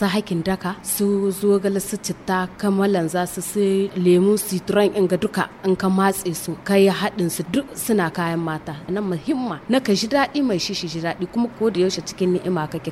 masu hakin daka su zogale su citta kamalan za su su lemu citron in ga duka in ka matse su kai haɗin su duk suna kayan mata nan muhimma na ka ji daɗi mai shi shi ji daɗi kuma ko da yaushe cikin ni'ima kake